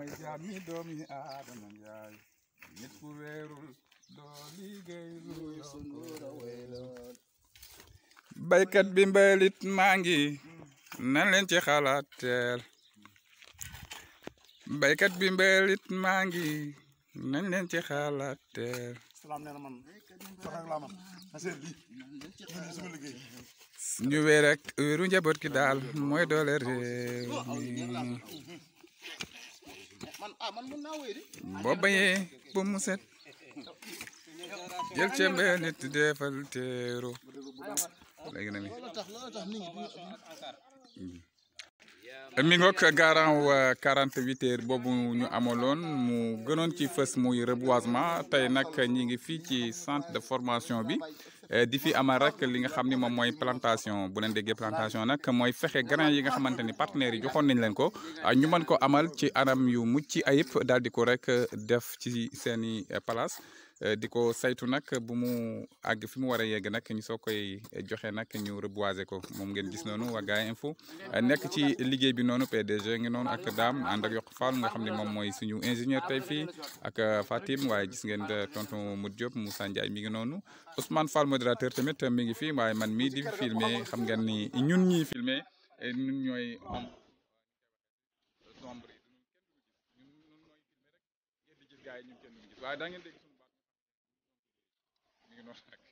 Ah, Baikat jammi doomi aadama njaay nit ku weerul doo liggéey lu yongura wayloon baykat bi mbalit maa nan len ci xalatel baykat bi mbalit nan len ci xalatel salam salaam man tax ak man asel bi ñu wé rek ñu njabot ki dal moy doole man ah man mën naa bayee ba jël cembe nit defal teero léegi nag mi mm. garant wa euh, boobu ñu amaloon mu gënoon ci fës muy reboisement tey nag ñi ngi fii ci centre de formation bi Euh, di fi amal rek li nga xam ni moom mooy plantation bu leen déggee plantation nag mooy fexe grain yi nga xamante ni partenaires yi joxoon nañ leen ko ah, ñu mën ko amal ci anam yu mucc ayib daal di ko rek euh, def ci seen i euh, place Euh, di ko saytu nag bu mu àgg fi mu war a yegg nag ñu soo koy joxe nag ñu reboiser ko moom ngeen gis noonu waa Gaye Info euh, nekk ci liggéey bi noonu PDG ngi noonu ak daam ànd ak Yokk Fall nga xam ne moom mooy suñu ingénieur tey fii ak euh, Fatim waaye gis ngeen tonton Modou Diop Moussa Ndiaye mi ngi noonu Ousmane Fall modérateur tamit mi ngi fi waaye man mii di filmé xam ngeen ni ñun ñii filmé eh, ñun ñooy waaye da ngeen olarak